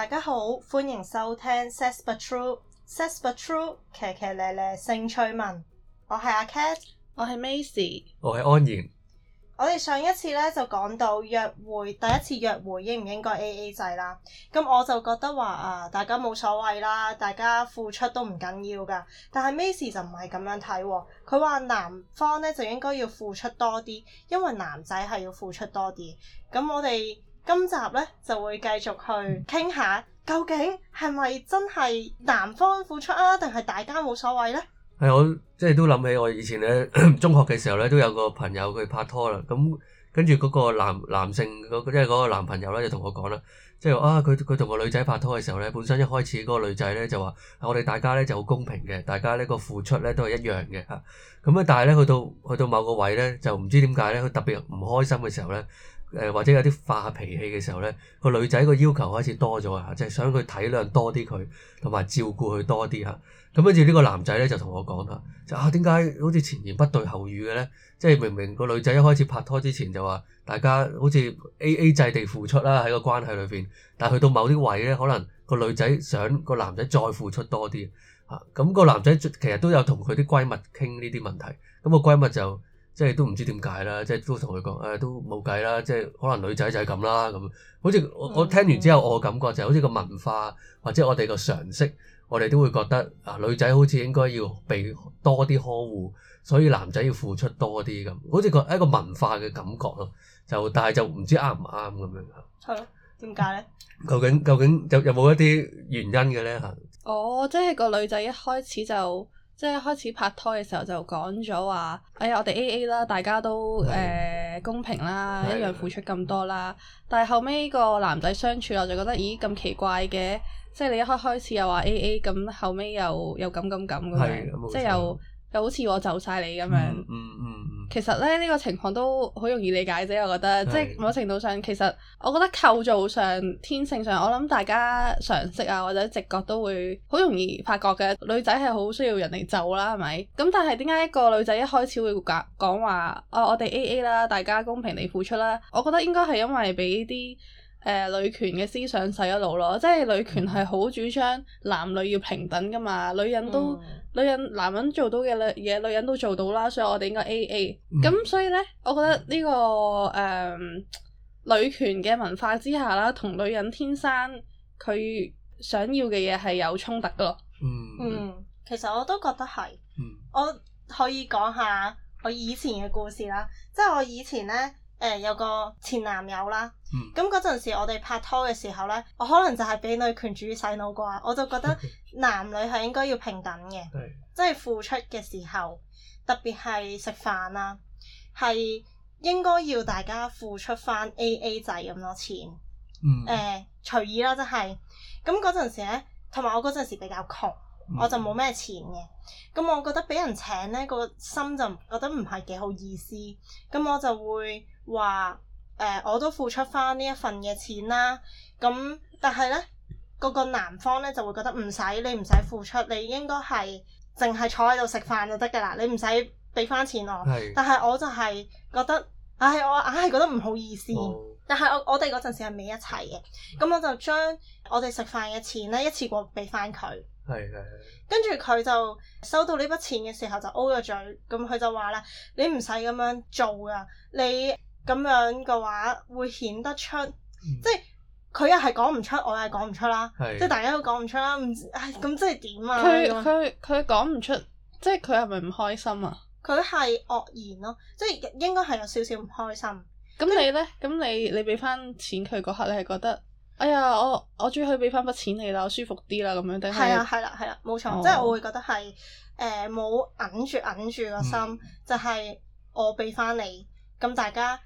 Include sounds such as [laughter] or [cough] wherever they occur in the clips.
大家好，歡迎收聽 Sex But True，Sex But True，騎騎咧咧性趣聞，我係阿 Cat，我係 Maisie，我係安然。我哋上一次咧就講到約會，第一次約會應唔應該 A A 制啦？咁我就覺得話啊，大家冇所謂啦，大家付出都唔緊要噶。但係 Maisie 就唔係咁樣睇，啊，佢話男方咧就應該要付出多啲，因為男仔係要付出多啲。咁我哋。今集咧就會繼續去傾下，究竟係咪真係男方付出啊，定係大家冇所謂呢？係我即係都諗起我以前咧中學嘅時候咧，都有個朋友佢拍拖啦。咁跟住嗰個男男性即係嗰個男朋友咧，就同我講啦，即係啊，佢佢同個女仔拍拖嘅時候咧，本身一開始嗰個女仔咧就話：我哋大家咧就好公平嘅，大家呢個付出咧都係一樣嘅嚇。咁啊咧，但係咧去到去到某個位咧，就唔知點解咧，佢特別唔開心嘅時候咧。誒或者有啲發脾氣嘅時候呢，個女仔個要求開始多咗啊，即係想佢體諒多啲佢，同埋照顧佢多啲嚇。咁跟住呢個男仔呢，就同我講嚇，就啊點解好似前言不對後語嘅呢？即係明明個女仔一開始拍拖之前就話，大家好似 AA 制地付出啦，喺個關係裏邊。但係去到某啲位呢，可能個女仔想個男仔再付出多啲。咁個男仔其實都有同佢啲閨蜜傾呢啲問題，咁個閨蜜就。即係都唔知點解啦，即係都同佢講，誒、哎、都冇計啦，即係可能女仔就係咁啦咁。好似我、嗯、我聽完之後，我感覺就係、是、好似個文化，或者我哋個常識，我哋都會覺得啊女仔好似應該要被多啲呵護，所以男仔要付出多啲咁。好似個一個文化嘅感覺咯，就但係就唔知啱唔啱咁樣。係咯、嗯，點解咧？究竟究竟有有冇一啲原因嘅咧嚇？哦，即係個女仔一開始就。即係開始拍拖嘅時候就講咗話，哎呀我哋 A A 啦，大家都誒的、呃、公平啦，的一樣付出咁多啦。但係後尾個男仔相處我就覺得，咦咁奇怪嘅，即係你一開開始又話 A A，咁後尾又又咁咁咁咁樣，即係又又好似我就晒你咁樣。嗯嗯嗯其實咧，呢個情況都好容易理解啫，我覺得，的即係某程度上，其實我覺得構造上、天性上，我諗大家常識啊或者直覺都會好容易發覺嘅。女仔係好需要人嚟就啦，係咪？咁但係點解一個女仔一開始會講講話我哋 A A 啦，大家公平地付出啦、啊。我覺得應該係因為俾啲。誒、呃、女權嘅思想細一路咯，即係女權係好主張男女要平等噶嘛，女人都、嗯、女人男人做到嘅嘢，女人都做到啦，所以我哋應該 A A。咁、嗯、所以咧，我覺得呢、這個誒、呃、女權嘅文化之下啦，同女人天生佢想要嘅嘢係有衝突噶咯。嗯，其實我都覺得係。嗯、我可以講下我以前嘅故事啦，即係我以前咧。誒、呃、有個前男友啦，咁嗰陣時我哋拍拖嘅時候呢，我可能就係俾女權主義洗腦啩，我就覺得男女係應該要平等嘅，即係 [laughs] 付出嘅時候，特別係食飯啦，係應該要大家付出返 AA 制咁多錢，誒、嗯呃、隨意啦，即係咁嗰陣時呢，同埋我嗰陣時比較窮，嗯、我就冇咩錢嘅，咁我覺得俾人請呢、嗰個心就覺得唔係幾好意思，咁我就會。話誒、呃，我都付出翻呢一份嘅錢啦。咁但係呢，嗰個男方呢就會覺得唔使你，唔使付出，你應該係淨係坐喺度食飯就得㗎啦。你唔使俾翻錢我。係。但係我就係覺得，唉、哎，我硬係、哎、覺得唔好意思。哦、但係我我哋嗰陣時係未一齊嘅，咁我就將我哋食飯嘅錢咧一次過俾翻佢。係，跟住佢就收到呢筆錢嘅時候就 O 咗嘴，咁佢就話啦：你唔使咁樣做㗎，你。咁樣嘅話會顯得出，即係佢又係講唔出，我又係講唔出啦，的即係大家都講唔出啦，唔咁即係點啊？佢佢佢講唔出，即係佢係咪唔開心啊？佢係愕然咯，即係應該係有少少唔開心。咁你呢？咁著你你俾翻錢佢嗰刻，你係覺得哎呀，我我終於可以俾翻筆錢你啦，我舒服啲啦，咁樣定係？係啊，係啦，係啦，冇錯，錯哦、即係我會覺得係誒，冇揞住揞住個心，嗯、就係我俾翻你。咁大家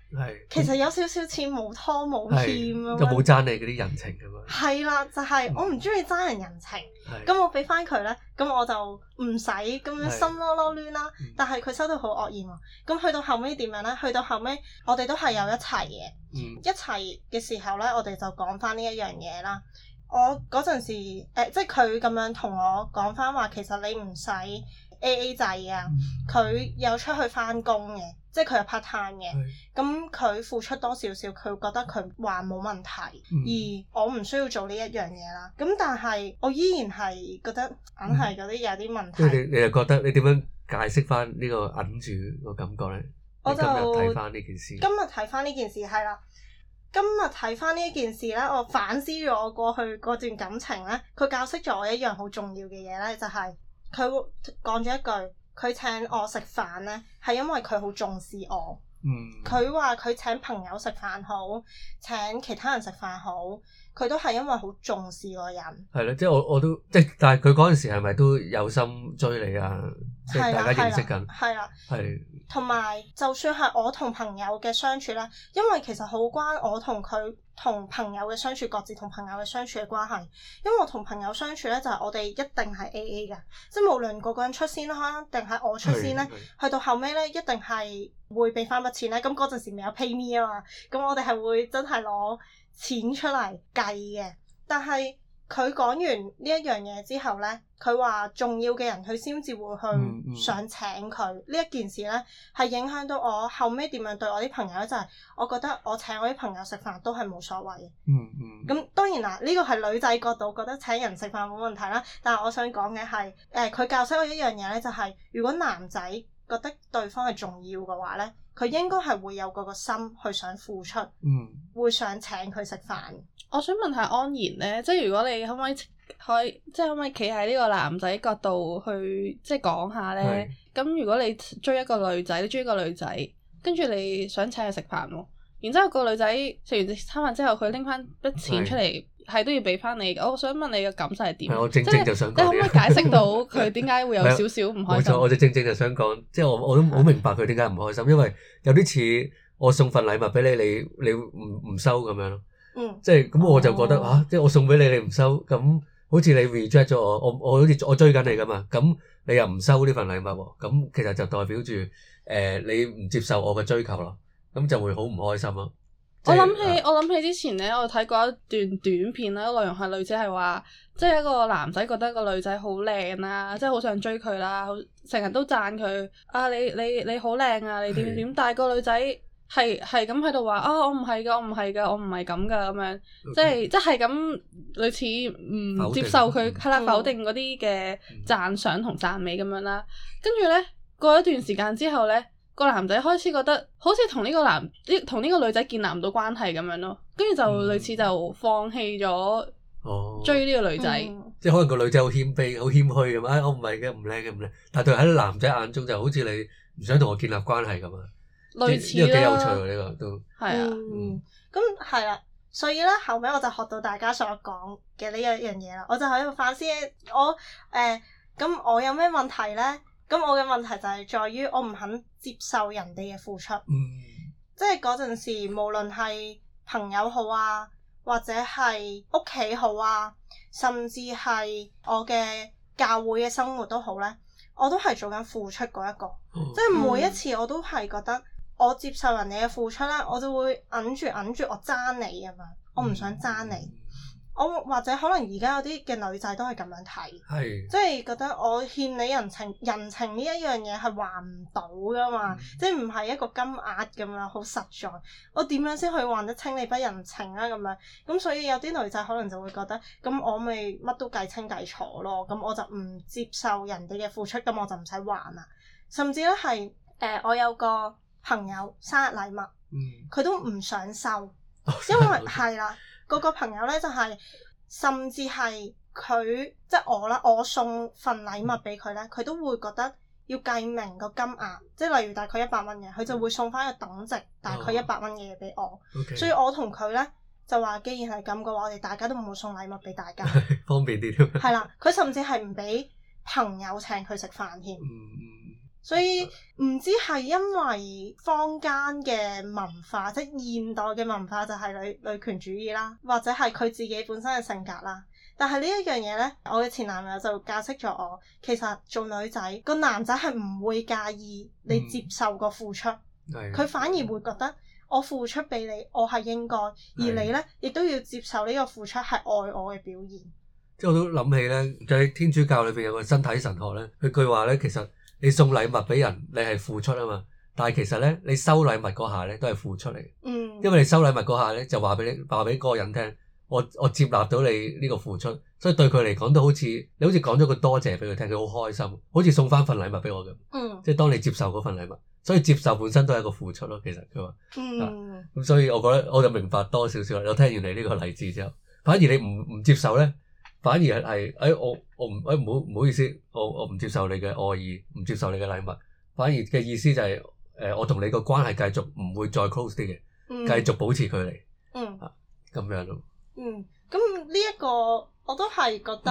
其實有少少錢冇拖冇欠就冇爭你嗰啲人情咁啊。係啦，就係、是、我唔中意爭人人情。咁的我俾翻佢呢，咁我就唔使咁樣心囉囉攣啦。的但係佢收到好愕然喎。咁去到後尾點樣呢？去到後尾，我哋都係有一齊嘅。嗯、一齊嘅時候呢，我哋就講翻呢一樣嘢啦。我嗰陣時、呃、即係佢咁樣同我講翻話，其實你唔使 AA 制啊。佢有出去翻工嘅。即係佢係 part time 嘅，咁佢是付出多少少，佢覺得佢話冇問題，嗯、而我唔需要做呢一樣嘢啦。咁但係我依然係覺、嗯、覺得，硬係覺得有啲問題。你又覺得你點樣解釋翻呢個韌住個感覺咧？我就今日睇翻呢件事。今日睇翻呢件事係啦，今日睇翻呢一件事咧，我反思咗我過去嗰段感情咧，佢教識咗我一樣好重要嘅嘢咧，就係佢講咗一句。佢請我食飯咧，係因為佢好重視我。嗯，佢話佢請朋友食飯好，請其他人食飯好，佢都係因為好重視個人。係咯，即係我我都即係，但係佢嗰陣時係咪都有心追你啊？係啦，係啦，係啦，係。同埋的，就算係我同朋友嘅相處啦，因為其實好關我同佢同朋友嘅相處，各自同朋友嘅相處嘅關係。因為我同朋友相處咧，就係、是、我哋一定係 A A 嘅，即係無論嗰個人出先啦，定係我出先咧，的去到後尾咧，一定係會俾翻筆錢咧？咁嗰陣時未有 pay me 啊嘛，咁我哋係會真係攞錢出嚟計嘅，但係。佢講完呢一樣嘢之後呢，佢話重要嘅人佢先至會去想請佢。呢、嗯嗯、一件事呢係影響到我後尾點樣對我啲朋友呢，就係、是、我覺得我請我啲朋友食飯都係冇所謂。咁、嗯嗯、當然啦，呢個係女仔角度覺得請人食飯冇問題啦，但係我想講嘅係，誒、呃、佢教識我一樣嘢呢，就係、是、如果男仔。覺得對方係重要嘅話呢，佢應該係會有嗰個心去想付出，嗯、會想請佢食飯。我想問下安然呢，即係如果你可唔可以，可以即係可唔可以企喺呢個男仔角度去即係講下呢？咁是如果你追一個女仔，你追一個女仔，跟住你想請佢食飯，然之後個女仔食完餐飯之後，佢拎翻筆錢出嚟。係都要俾翻你，我想問你個感受係點？係 [noise] 是我正正就想講。你， [laughs] 你可唔可以解釋到佢點解會有少少唔開心？冇錯 [laughs] 我就正正就想講，即係我我都好明白佢點解唔開心，因為有啲似我送份禮物俾你，你你唔唔收咁樣咯。嗯、即係咁我就覺得、哦、啊，即係我送俾你你唔收，咁好似你 reject 咗我，我我好似我追緊你噶嘛，咁你又唔收呢份禮物喎，咁其實就代表住誒、呃、你唔接受我嘅追求咯，咁就會好唔開心咯。啊、我諗起，我諗起之前咧，我睇過一段短片啦，內容係類似係話，即係一個男仔覺得個女仔好靚啦，即係好想追佢啦，啊，成日都讚佢。阿你你你好靚啊，你點點點？但係個女仔係係咁喺度話啊，我唔係噶，我唔係噶，我唔係咁噶，咁樣，Okay. 即係即係咁類似唔接受佢係啦，否定嗰啲嘅讚賞同讚美咁樣啦。跟住咧，過一段時間之後咧。個男仔開始覺得好似同呢個男，呢同呢個女仔建立唔到關係咁樣咯，跟住就類似就放棄咗追呢個女仔。哦嗯、即係可能個女仔好謙卑、謙虛哦、好謙虛咁樣，我唔係嘅，唔靚嘅，唔靚。但係喺男仔眼中就好似你唔想同我建立關係咁樣。類似、這個這個、幾有趣。呢個都係啊。嗯。咁係啦，所以咧後尾我就學到大家所講嘅呢一樣嘢啦，我就喺度反思，我誒咁、呃、我有咩問題咧？咁我嘅問題就係在於我唔肯接受人哋嘅付出，嗯、即係嗰陣時無論係朋友好啊，或者係屋企好啊，甚至係我嘅教會嘅生活都好咧，我都係做緊付出嗰一個。哦、即係每一次我都係覺得我接受人哋嘅付出咧，我就會忍住忍住我爭你咁樣，我唔想爭你。嗯嗯我或者可能而家有啲嘅女仔都係咁樣睇，的即係覺得我欠你人情，人情呢一樣嘢係還唔到噶嘛，嗯、即係唔係一個金額咁樣好實在，我點樣先可以還得清你筆人情啊咁樣？咁所以有啲女仔可能就會覺得，咁我咪乜都計清計楚咯，咁我就唔接受人哋嘅付出，咁我就唔使還啦。甚至咧係誒，我有個朋友生日禮物，佢、嗯、都唔想收，哦、因為係啦。個個朋友咧就係、是，甚至係佢即係我啦，我送份禮物俾佢咧，佢都會覺得要計明個金額，即係例如大概一百蚊嘅，佢就會送翻個等值大概一百蚊嘅嘢俾我，哦 okay. 所以我同佢咧就話，既然係咁嘅話，我哋大家都冇送禮物俾大家， [laughs] 方便啲。係啦，佢甚至係唔俾朋友請佢食飯添。嗯所以唔知係因為坊間嘅文化，即係現代嘅文化就係女女權主義啦，或者係佢自己本身嘅性格啦。但係呢一樣嘢咧，我嘅前男友就教識咗我，其實做女仔，個男仔係唔會介意你接受個付出，佢，嗯、反而會覺得我付出俾你，我係應該，而你咧亦都要接受呢個付出係愛我嘅表現。即係我都諗起咧，就喺，是，天主教裏邊有個身體神學咧，佢句話咧，其實。你送禮物俾人，你係付出啊嘛。但係其實咧，你收禮物嗰下咧都係付出嚟。嗯。因為你收禮物嗰下咧，就話俾你話俾嗰個人聽，我我接納到你呢個付出，所以對佢嚟講都好似你好似講咗個多謝俾佢聽，佢好開心，好似送返份禮物俾我咁。嗯。即係當你接受嗰份禮物，所以接受本身都係一個付出咯、啊。其實佢話。嗯。咁、啊、所以我覺得我就明白多少少啦。我聽完你呢個例子之後，反而你唔唔接受咧？反而係係、哎，我我唔，哎唔好唔好意思，我我唔接受你嘅愛意，唔接受你嘅禮物。反而嘅意思就係、係，誒、呃、我同你個關係繼續唔會再 close 啲嘅，嗯、繼續保持距離，嗯，咁樣咯。嗯，咁呢一個我都係覺得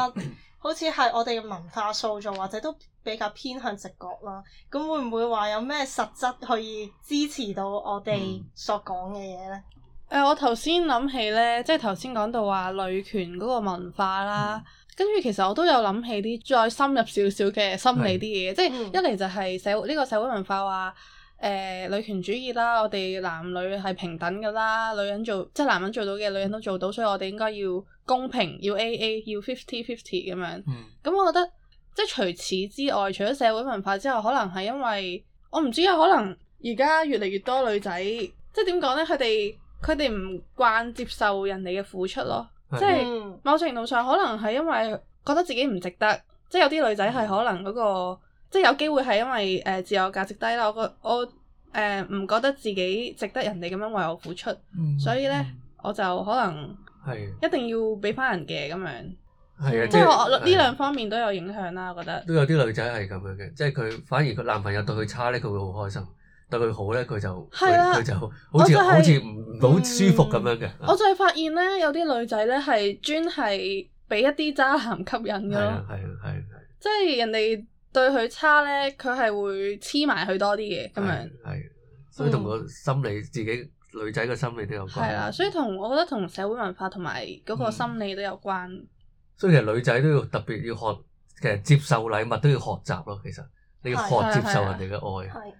好似係我哋嘅文化塑造，或者都比較偏向直覺啦。咁會唔會話有咩實質可以支持到我哋所講嘅嘢咧？嗯誒、呃，我頭先諗起咧，即係頭先講到話女權嗰個文化啦，跟住、嗯、其實我都有諗起啲再深入少少嘅心理啲嘢，嗯、即係一嚟就係社呢、呢個社會文化話誒、呃、女權主義啦，我哋男女係平等噶啦，女人做即係男人做到嘅女人都做到，所以我哋應該要公平，要 A A，要 fifty fifty 咁樣。咁、嗯、我覺得即係除此之外，除咗社會文化之外，可能係因為我唔知啊，可能而家越嚟越多女仔，即係點講咧，佢哋。佢哋唔慣接受人哋嘅付出咯，的即係某程度上可能係因為覺得自己唔值得，嗯、即係有啲女仔係可能嗰、那個，嗯、即係有機會係因為誒、呃、自我價值低啦。我覺我誒唔、呃、覺得自己值得人哋咁樣為我付出，嗯、所以呢，我就可能係的一定要俾翻人嘅咁樣。係啊的，嗯、即係我呢的兩方面都有影響啦。我覺得都有啲女仔係咁樣嘅，即係佢反而佢男朋友對佢差呢，佢會好開心。對佢好咧，佢就佢就，好似好似唔好舒服咁樣嘅。我就係發現咧，有啲女仔咧係專係俾一啲渣男吸引嘅咯。係係係，即係人哋對佢差咧，佢係會黐埋佢多啲嘅咁樣。係，所以同個心理、自己女仔嘅心理都有關。係啦，所以同我覺得同社會文化同埋嗰個心理都有關。所以其實女仔都要特別要學，其實接受禮物都要學習咯。其實你要學接受人哋嘅愛。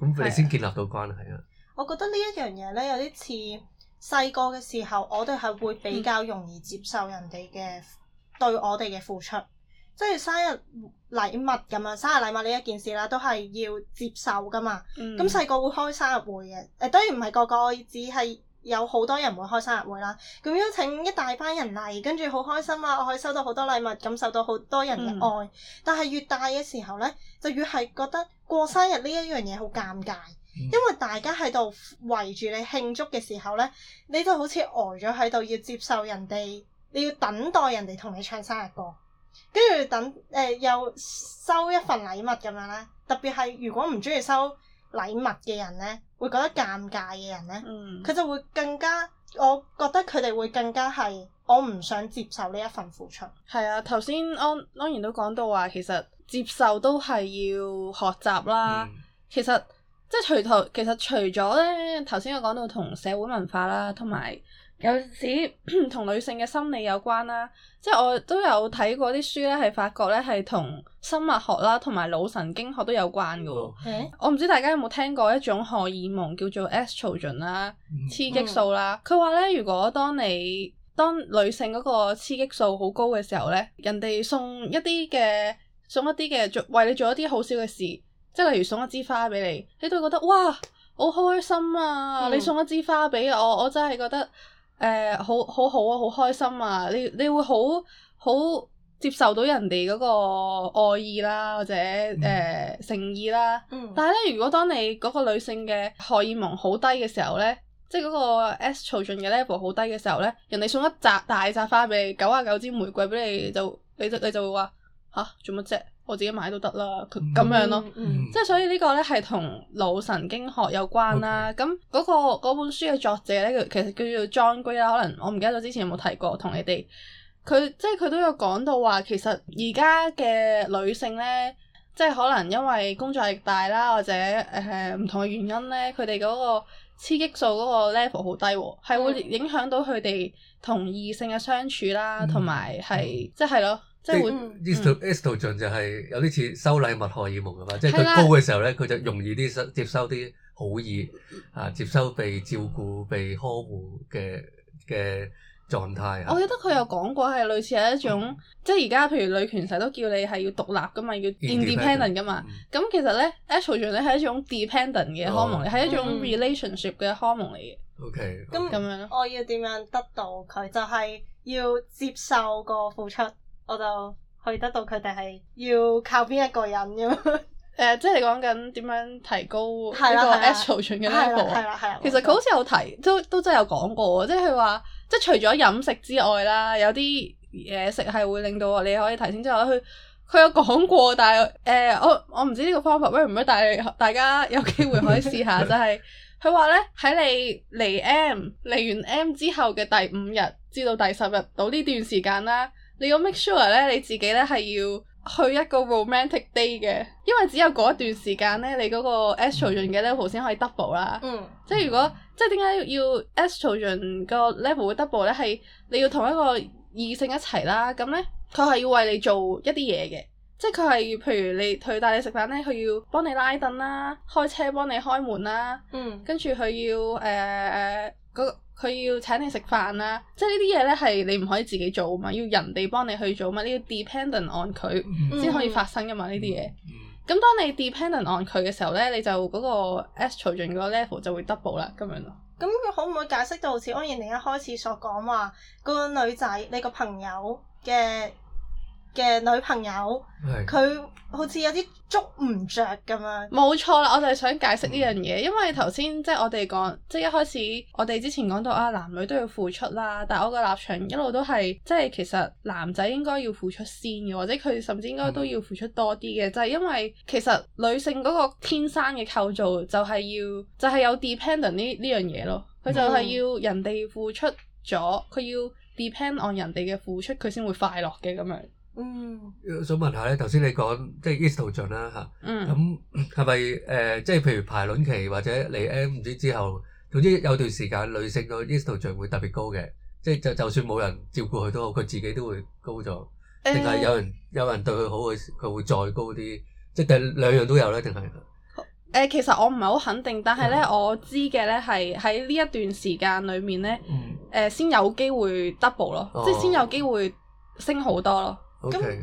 咁佢哋先建立到關係啊。我覺得呢一樣嘢咧，有啲似細個嘅時候，我哋係會比較容易接受人哋嘅、嗯、對我哋嘅付出，即係生日禮物咁樣，生日禮物呢一件事啦，都係要接受噶嘛。咁細個會開生日會嘅，誒、呃，當然唔係個個，只係。有好多人會開生日會啦，咁邀請一大班人嚟，跟住好開心啊！我可以收到好多禮物，感受到好多人嘅愛。嗯、但係越大嘅時候呢，就越係覺得過生日呢一樣嘢好尷尬，嗯、因為大家喺度圍住你慶祝嘅時候呢，你都好似呆咗喺度要接受人哋，你要等待人哋同你唱生日歌，跟住等誒、呃、又收一份禮物咁樣啦，特別係如果唔中意收。禮物嘅人呢，會覺得尷尬嘅人呢，佢、嗯、就會更加，我覺得佢哋會更加係，我唔想接受呢一份付出。係啊，頭先安安然都講到話，其實接受都係要學習啦。其實即係除咗，其實除咗呢頭先我講到同社會文化啦，同埋。有時同 [coughs] 女性嘅心理有關啦，即係我都有睇過啲書咧，係發覺咧係同生物學啦，同埋腦神經學都有關噶、嗯、我唔知大家有冇聽過一種荷爾蒙叫做 estrogen 啦，雌激素啦。佢話咧，如果當你當女性嗰個雌激素好高嘅時候咧，人哋送一啲嘅送一啲嘅做為你做一啲好少嘅事，即係例如送一支花俾你，你都會覺得哇好開心啊！嗯、你送一支花俾我，我真係覺得。誒、呃，好好好啊，好開心啊！你你會好好接受到人哋嗰個愛意啦，或者誒、呃，誠意啦。嗯。但係咧，如果當你嗰個女性嘅荷爾蒙好低嘅時候咧，即係嗰個 estrogen 嘅 level 好低嘅時候咧，人哋送一紮大扎花俾你，九啊九支玫瑰俾你，你就，你就你就會話：吓，做乜啫？我自己買都得啦，佢咁樣咯，mm hmm, mm hmm. 即係所以呢個呢係同腦神經學有關啦。咁嗰 Okay.、嗰個嗰本書嘅作者呢，佢其實叫做 John Gray 啦。可能我唔記得咗之前有冇提過，同你哋佢即係佢都有講到話，其實而家嘅女性呢，即係可能因為工作壓力大啦，或者誒唔、呃、同嘅原因呢，佢哋嗰個雌激素嗰個 level 好低，啊、係、mm hmm. 會影響到佢哋同異性嘅相處啦，同埋係即係咯。即係，Estrogen Estrogen 就係有啲似收禮物荷爾蒙㗎嘛，的即係佢高嘅時候咧，佢、嗯、就容易啲接收啲好意啊，接收被照顧、被呵護嘅嘅狀態啊。我記得佢有講過係類似係一種，嗯、即係而家譬如女權成日都叫你係要獨立㗎嘛，要 independent 噶嘛。咁、嗯、其實咧，Estrogen 咧係一種 dependent 嘅荷爾蒙、哦，係、嗯、一種 relationship 嘅荷爾蒙嚟嘅。O K，咁我要點樣得到佢？就係、是、要接受個付出。我就可以得到佢哋係要靠邊一個人咁樣誒，即係講緊點樣提高呢個 actual 嘅 level 係啦，係啦，其實佢好似有提，都都真係有講過，即係佢話即係除咗飲食之外啦，有啲嘢食係會令到你可以提升。之外佢佢有講過，但係誒、呃，我我唔知呢個方法 work 唔 work 但係大家有機會可以試下。 [laughs] 就係佢話咧喺你嚟 M 嚟完 M 之後嘅第五日至到第十日到呢段時間啦。你要 make sure 咧，你自己咧係要去一個 romantic day 嘅，因為只有嗰一段時間咧，你嗰個 estrogen 嘅 level 先可以 double 啦。嗯。即係如果即係點解要 estrogen 個 level 會 double 咧？係你要同一個異性一齊啦，咁咧佢係要為你做一啲嘢嘅，即係佢係譬如你佢帶你食飯咧，佢要幫你拉凳啦，開車幫你開門啦，嗯，跟住佢要誒嗰。呃呃那個佢要請你食飯啦，即係呢啲嘢咧係你唔可以自己做啊嘛，要人哋幫你去做啊嘛，你要 dependent on 佢先可以發生噶嘛呢啲嘢。咁、mm hmm. 當你 dependent on 佢嘅時候咧，你就嗰個 as 財進嗰個 level 就會 double 啦，咁樣咯。咁佢、嗯、可唔可以解釋到好似安然你一開始所講話嗰個女仔你個朋友嘅？嘅女朋友，佢的好似有啲捉唔着咁樣。冇錯啦，我就係想解釋呢樣嘢，嗯、因為頭先即係我哋講，即係一開始我哋之前講到啊，男女都要付出啦。但係我個立場一路都係，即係其實男仔應該要付出先嘅，或者佢甚至應該都要付出多啲嘅，嗯、就係因為其實女性嗰個天生嘅構造就係要，就係、是、有 dependent 呢呢樣嘢咯。佢、嗯、就係要人哋付出咗，佢要 depend on 人哋嘅付出，佢先會快樂嘅咁樣。嗯，想問下咧，頭先你講即係 Estrogen 啦嚇，咁係咪誒即係譬如排卵期或者嚟 M 唔知之後，總之有段時間女性個 Estrogen 會特別高嘅，即係就就算冇人照顧佢都好，佢自己都會高咗，定係、呃、有人有人對佢好佢佢會再高啲，即係兩兩樣都有咧定係？誒、呃，其實我唔係好肯定，但係咧、嗯、我知嘅咧係喺呢一段時間裡面咧，誒、嗯呃、先有機會 double 咯，即係先有機會升好多咯。咁 Okay.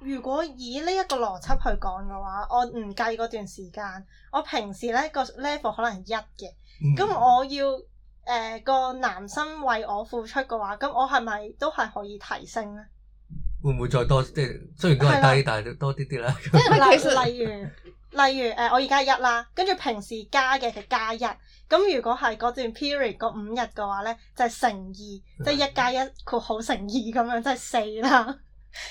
如果以呢一個邏輯去講嘅話，我唔計嗰段時間，我平時咧個 level 可能係一嘅，咁、嗯、我要誒、呃、個男生為我付出嘅話，咁我係咪都係可以提升咧？會唔會再多？即係雖然都係低，的但係多啲啲其實、呃、啦。即係例例如例如誒，我而家一啦，跟住平時加嘅係加一，咁如果係嗰段 period 嗰五日嘅話咧，就係、乘二、嗯，即係一加一括號乘二咁樣，即係四啦。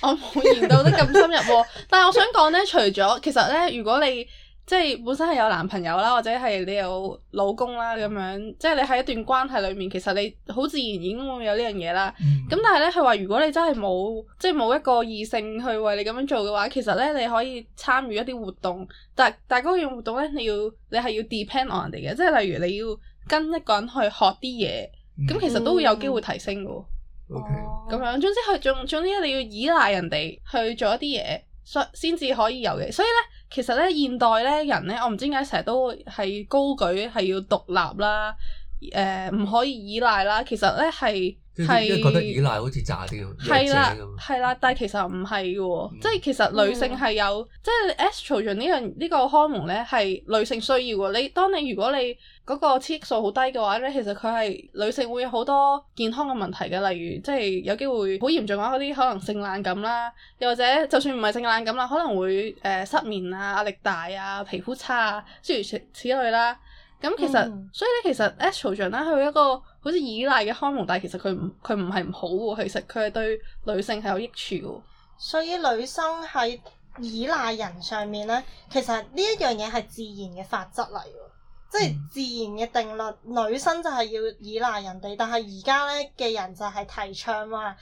我冇研到得咁深入，但係我想講咧， [laughs] 除咗其實咧，如果你即係本身係有男朋友啦，或者係你有老公啦咁樣，即係你喺一段關係裏面，其實你好自然已經會有呢樣嘢啦。咁、嗯、但係咧，佢話如果你真係冇，即係冇一個異性去為你咁樣做嘅話，其實咧你可以參與一啲活動，但但嗰樣活動咧，你要你係要 depend on 人哋嘅，即係例如你要跟一個人去學啲嘢，咁、嗯、其實都會有機會提升嘅。哦，咁 Okay. 樣，總之佢總總之你要依賴人哋去做一啲嘢，先先至可以有嘅。所以咧，其實咧現代咧人咧，我唔知點解成日都係高舉係要獨立啦，誒、呃、唔可以依賴啦。其實咧係。即係是覺得依賴好似炸啲咁，係啦的，係啦，但係其實唔係嘅喎，嗯、即係其實女性係有，嗯、即係 estrogen、這個這個、呢樣呢個荷爾蒙咧係女性需要嘅。你當你如果你嗰個雌激素好低嘅話咧，其實佢係女性會有好多健康嘅問題嘅，例如即係有機會好嚴重嘅嗰啲可能性冷感啦，又或者就算唔係性冷感啦，可能會誒、呃、失眠啊、壓力大啊、皮膚差啊，諸如此類啦。咁其實、嗯、所以咧，其實 estrogen 咧佢係一個。好似依賴嘅康蒙，但係其實佢唔佢唔係唔好喎。其實佢係對女性係有益處嘅。所以女生喺依賴人上面呢，其實呢一樣嘢係自然嘅法則嚟嘅，即係自然嘅定律。嗯，女生就係要依賴人哋，但係而家呢嘅人就係提倡話，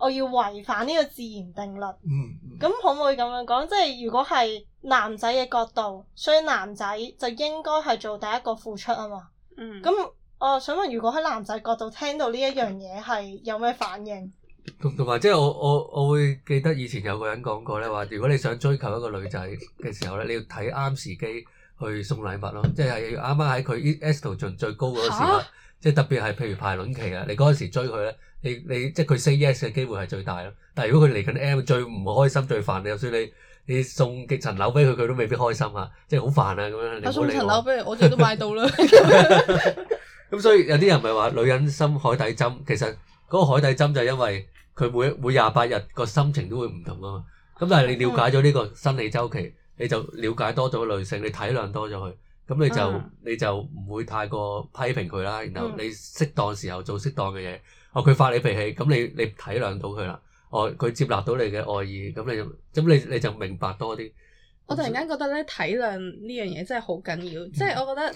我要違反呢個自然定律。嗯，咁可唔可以咁樣講？即係如果係男仔嘅角度，所以男仔就應該係做第一個付出啊嘛。嗯，咁。我想問，如果喺男仔角度聽到呢一樣嘢，係有咩反應？同同埋，即係我我我會記得以前有個人講過咧，話如果你想追求一個女仔嘅時候咧，你要睇啱時機去送禮物咯，即係啱啱喺佢 easter 最最高嗰時啦，即係特別係譬如排卵期啊，你嗰時追佢咧，你你即係佢 say yes 嘅機會係最大咯。但係如果佢嚟緊 M 最唔開心最煩，就算你你送幾層樓俾佢，佢都未必開心啊，即係好煩啊咁樣。我送你層樓俾，我哋都買到啦。咁所以有啲人咪話女人心海底針，其實嗰個海底針就係因為佢每每廿八日個心情都會唔同啊嘛。咁但係你了解咗呢個生理周期，你就了解多咗女性，你體諒多咗佢，咁你就你就唔會太過批評佢啦。然後你適當時候做適當嘅嘢，嗯哦。哦，佢發你脾氣，咁你你體諒到佢啦。哦，佢接納到你嘅愛意，咁你就咁你你就明白多啲。我突然間覺得咧，體諒呢樣嘢真係好緊要，嗯、即係我覺得。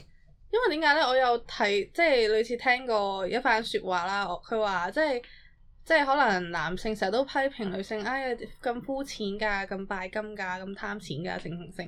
因為點解咧？我有睇，即係類似聽過一番話說話啦。佢話即係即係可能男性成日都批評女性，哎呀咁膚淺噶，咁拜金噶，咁貪錢噶，性成成。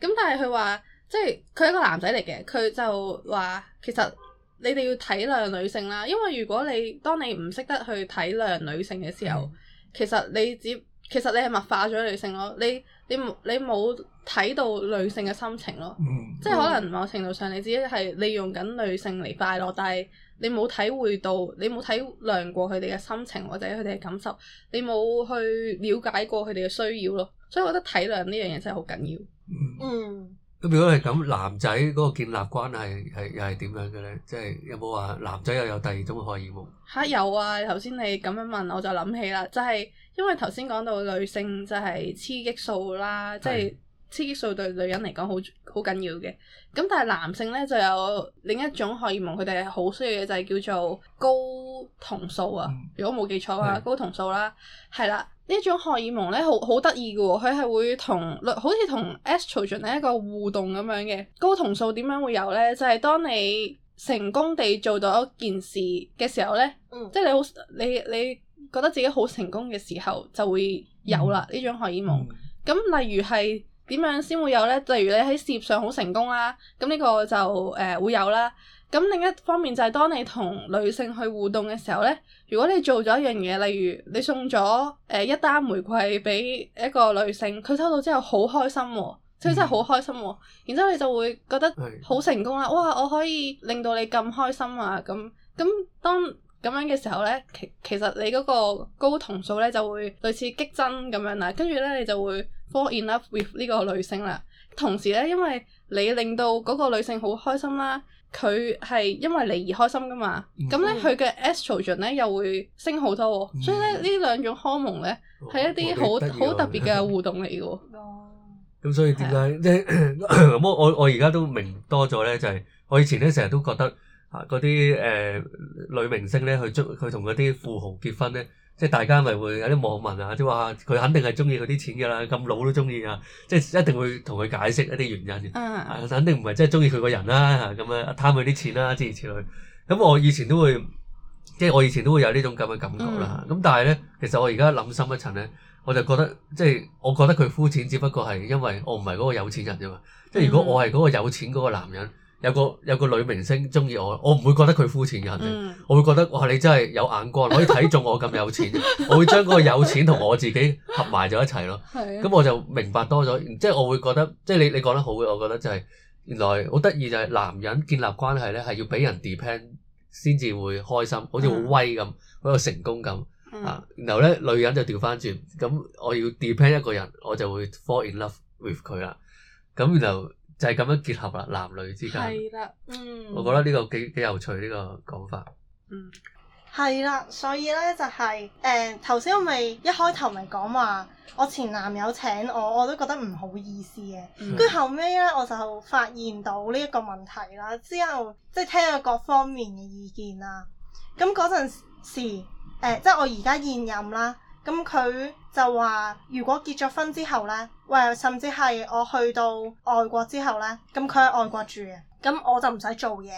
咁但係佢話即係佢一個男仔嚟嘅，佢就話其實你哋要體諒女性啦。因為如果你當你唔識得去體諒女性嘅時候，嗯、其，其實你只其實你係物化咗女性咯。你你你冇。你睇到女性嘅心情咯，嗯、即係可能某程度上你自己係利用緊女性嚟快樂，嗯、但係你冇體會到，你冇體諒過佢哋嘅心情或者佢哋嘅感受，你冇去了解過佢哋嘅需要咯，所以我覺得體諒呢樣嘢真係好緊要。嗯，咁、嗯、如果係咁，男仔嗰個建立關係係又係點樣嘅咧？即、就、係、是、有冇話男仔又有第二種荷爾蒙？吓、啊、有啊！頭先你咁樣問，我就諗起啦，就係、是、因為頭先講到女性就係雌激素啦，即係是。就是雌激素對女人嚟講好好緊要嘅，咁但係男性咧就有另一種荷爾蒙，佢哋係好需要嘅，就係、是、叫做睾酮素啊，嗯、如果冇記錯嘅話，睾酮素啦，係啦呢種荷爾蒙咧好好得意嘅，佢係會同好似同 estrogen 係一個互動咁樣嘅，睾酮素點樣會有咧？就係、是、當你成功地做到一件事嘅時候咧，嗯、即係你好你你覺得自己好成功嘅時候就會有啦呢、嗯、種荷爾蒙，咁、嗯嗯、例如係。點樣先會有呢？例如你喺事業上好成功啦，咁呢個就誒、呃、會有啦。咁另一方面就係當你同女性去互動嘅時候呢，如果你做咗一樣嘢，例如你送咗誒、呃、一單玫瑰俾一個女性，佢收到之後好開心喎、啊，即係真係好開心喎、啊。嗯、然之後你就會覺得好成功啦、啊！哇，我可以令到你咁開心啊！咁咁當咁樣嘅時候呢，其其實你嗰個高酮素呢就會類似激增咁樣啦，跟住呢，你就會。fall in love with 呢個女性啦，同時咧，因為你令到嗰個女性好開心啦，佢係因為你而開心噶嘛，咁咧佢嘅 estrogen 咧又會升好多、啊，嗯、所以咧呢兩種 hormone 咧係一啲好好特別嘅互動嚟、啊、嘅。哦，咁所以點解即係咁我我而家都明多咗咧，就係、是、我以前咧成日都覺得啊嗰啲誒女明星咧去出佢同嗰啲富豪結婚咧。即係大家咪會有啲網民啊，即係話佢肯定係中意佢啲錢㗎啦，咁老都中意啊，即係一定會同佢解釋一啲原因，uh, 肯定唔係即係中意佢個人啦咁樣貪佢啲錢啦，諸如此類，之類。咁我以前都會，即係我以前都會有呢種咁嘅感覺啦。咁、嗯、但係咧，其實我而家諗深一層咧，我就覺得即係、就是、我覺得佢膚淺，只不過係因為我唔係嗰個有錢人啫嘛。即係、嗯、如果我係嗰個有錢嗰個男人。有個有個女明星中意我，我唔會覺得佢膚淺嘅，嗯、我會覺得哇，你真係有眼光，可以睇中我咁有錢， [laughs] 我會將嗰個有錢同我自己合埋咗一齊咯。咁 [laughs] 我就明白多咗，即係我會覺得即係你你講得好嘅，我覺得就係、是、原來好得意就係男人建立關係咧，係要俾人 depend 先至會開心，好似好威咁，好有成功感、嗯、啊。然後咧，女人就調翻轉，咁我要 depend 一個人，我就會 fall in love with 佢啦。咁然後。就係咁樣結合啦，男女之間。係啦，嗯。我覺得呢個幾幾有趣呢、呢個講法。嗯，係啦，所以咧就係誒頭先我咪一開頭咪講話，我前男友請我，我都覺得唔好意思嘅。跟住、嗯、後尾咧，我就發現到呢一個問題啦，之後即係聽咗各方面嘅意見啦。咁嗰陣時、呃、即係我而家現任啦。咁佢就話：如果結咗婚之後呢，或甚至係我去到外國之後呢，咁佢喺外國住嘅，咁我就唔使做嘢，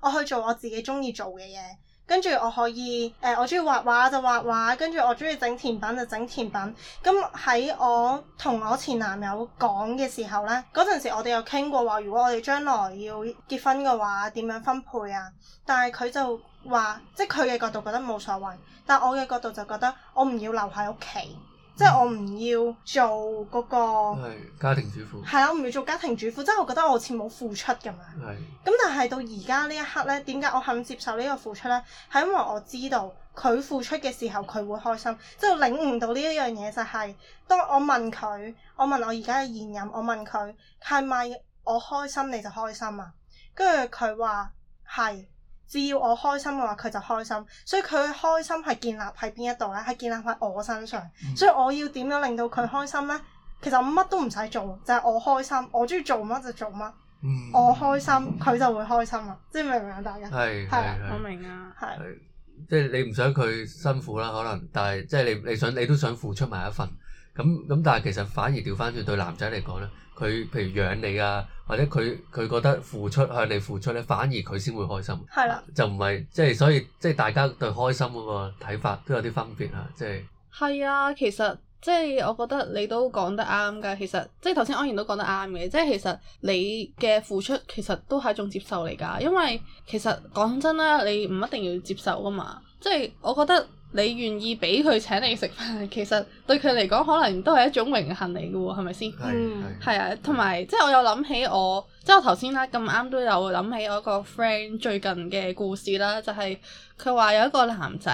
我去做我自己中意做嘅嘢，跟住我可以誒、呃，我中意畫畫就畫畫，跟住我中意整甜品就整甜品。咁喺我同我前男友講嘅時候呢，嗰陣時我哋有傾過話，如果我哋將來要結婚嘅話，點樣分配啊？但係佢就話即係佢嘅角度覺得冇所謂，但我嘅角度就覺得我唔要留喺屋企，嗯、即係我唔要做嗰、嗰個家庭主婦。係啦，我唔要做家庭主婦，即係我覺得我好似冇付出咁樣。係是。咁但係到而家呢一刻呢，點解我肯接受呢個付出呢？係因為我知道佢付出嘅時候佢會開心，即係領悟到呢一樣嘢就係、是，當我問佢，我問我而家嘅現任，我問佢係咪我開心你就開心啊？跟住佢話係。只要我開心嘅話，佢就開心，所以佢開心係建立喺邊一度呢？係建立喺我身上，所以我要點樣令到佢開心呢？其實乜都唔使做，就係我開心，我中意做乜就做乜，我開心佢就會開心啦，知唔明啊？大家係係我明啊係，係即係你唔想佢辛苦啦，可能，但係即係你你想你都想付出埋一份。咁咁，但係其實反而掉返轉對男仔嚟講咧，佢譬如養你啊，或者佢佢覺得付出向你付出咧，反而佢先會開心，係啦，就唔係即係，所以即係大家對開心嗰個睇法都有啲分別啊，即係。係啊，其實即係我覺得你都講得啱㗎。其實即係頭先安然都講得啱嘅，即係其實你嘅付出其實都係一種接受嚟㗎，因為其實講真啦，你唔一定要接受㗎嘛。即係我覺得。你願意畀佢請你食飯，其實對佢嚟講可能都係一種榮幸嚟嘅喎，係咪先？係係啊，同埋即係我又諗起我。即係我頭先啦，咁啱都有諗起我一個 friend 最近嘅故事啦，就係佢話有一個男仔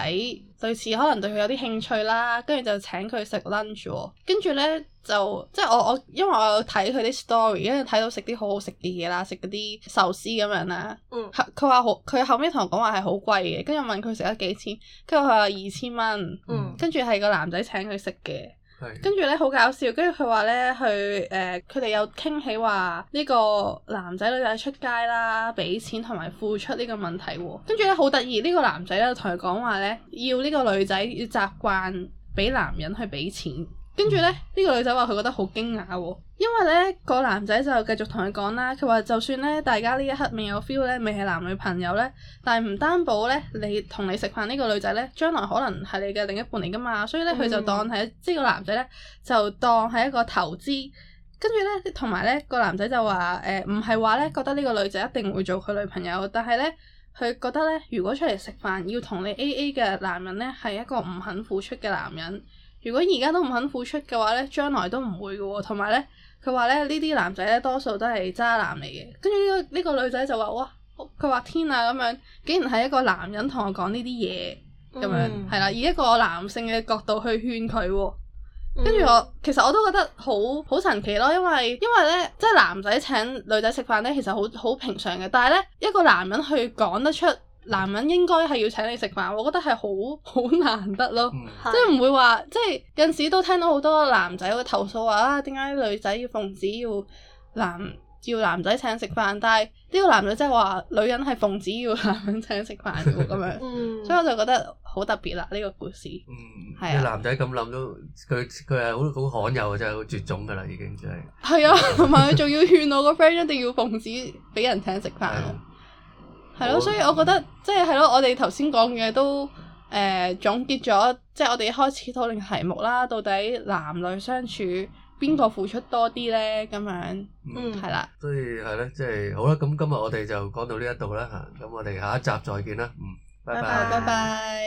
類似可能對佢有啲興趣啦，跟住就請佢食 lunch 喎。跟住咧就即係我我因為我有睇佢啲 story，跟住睇到食啲好好食嘅嘢啦，食嗰啲壽司咁樣啦。嗯。佢話好，佢後面同我講話係好貴嘅，跟住問佢食咗幾錢，跟住佢話二千蚊。嗯。跟住係個男仔請佢食嘅。跟住咧好搞笑，跟住佢話咧，佢誒佢哋又傾起話呢個男仔女仔出街啦，俾錢同埋付出呢個問題喎。跟住咧好得意，呢個男仔咧同佢講話咧，要呢個女仔要習慣俾男人去俾錢。跟住咧，呢個女仔話佢覺得好驚訝喎，因為咧個男仔就繼續同佢講啦。佢話就算咧大家呢一刻未有 feel 咧，未係男女朋友咧，但係唔擔保咧你同你食飯呢個女仔咧，將來可能係你嘅另一半嚟噶嘛。所以咧，佢就當係即係個男仔咧，就當係一個投資。跟住咧，同埋咧個男仔就話誒，唔係話咧覺得呢個女仔一定會做佢女朋友，但係咧佢覺得咧，如果出嚟食飯要同你 AA 嘅男人咧，係一個唔肯付出嘅男人。如果而家都唔肯付出嘅話咧，將來都唔會嘅喎、哦。同埋咧，佢話咧呢啲男仔咧多數都係渣男嚟嘅。跟住呢個呢、呢個女仔就話哇，佢話天啊咁樣，竟然係一個男人同我講呢啲嘢咁樣，係啦、嗯，以一個男性嘅角度去勸佢、哦。跟住、嗯、我其實我都覺得好好神奇咯，因為因為咧即係男仔請女仔食飯咧，其實好好平常嘅，但係咧一個男人去講得出。男人應該係要請你食飯，我覺得係好好難得咯，嗯、即係唔會話，即有陣時都聽到好多男仔會投訴話啊，點解女仔要奉旨要男要男仔請食飯？但係呢個男仔即係話女人係奉旨要男人請食飯咁樣，嗯、所以我就覺得好特別啦呢、呢個故事。嗯，係啊，男仔咁諗都，佢佢係好好罕有嘅，真係絕種噶啦已經、就係，真係。係啊，同埋佢仲要勸我個 friend 一定要奉旨俾人請食飯。嗯係咯， [noise] 所以我覺得即係係咯，我哋頭先講嘅都誒、呃、總結咗，即係我哋開始討論題目啦，到底男女相處邊個付出多啲咧？咁樣， [noise] 嗯，係啦了。所以係啦，即係、就是、好啦，咁今日我哋就講到呢一度啦，咁我哋下一集再見啦，嗯，拜拜，拜拜。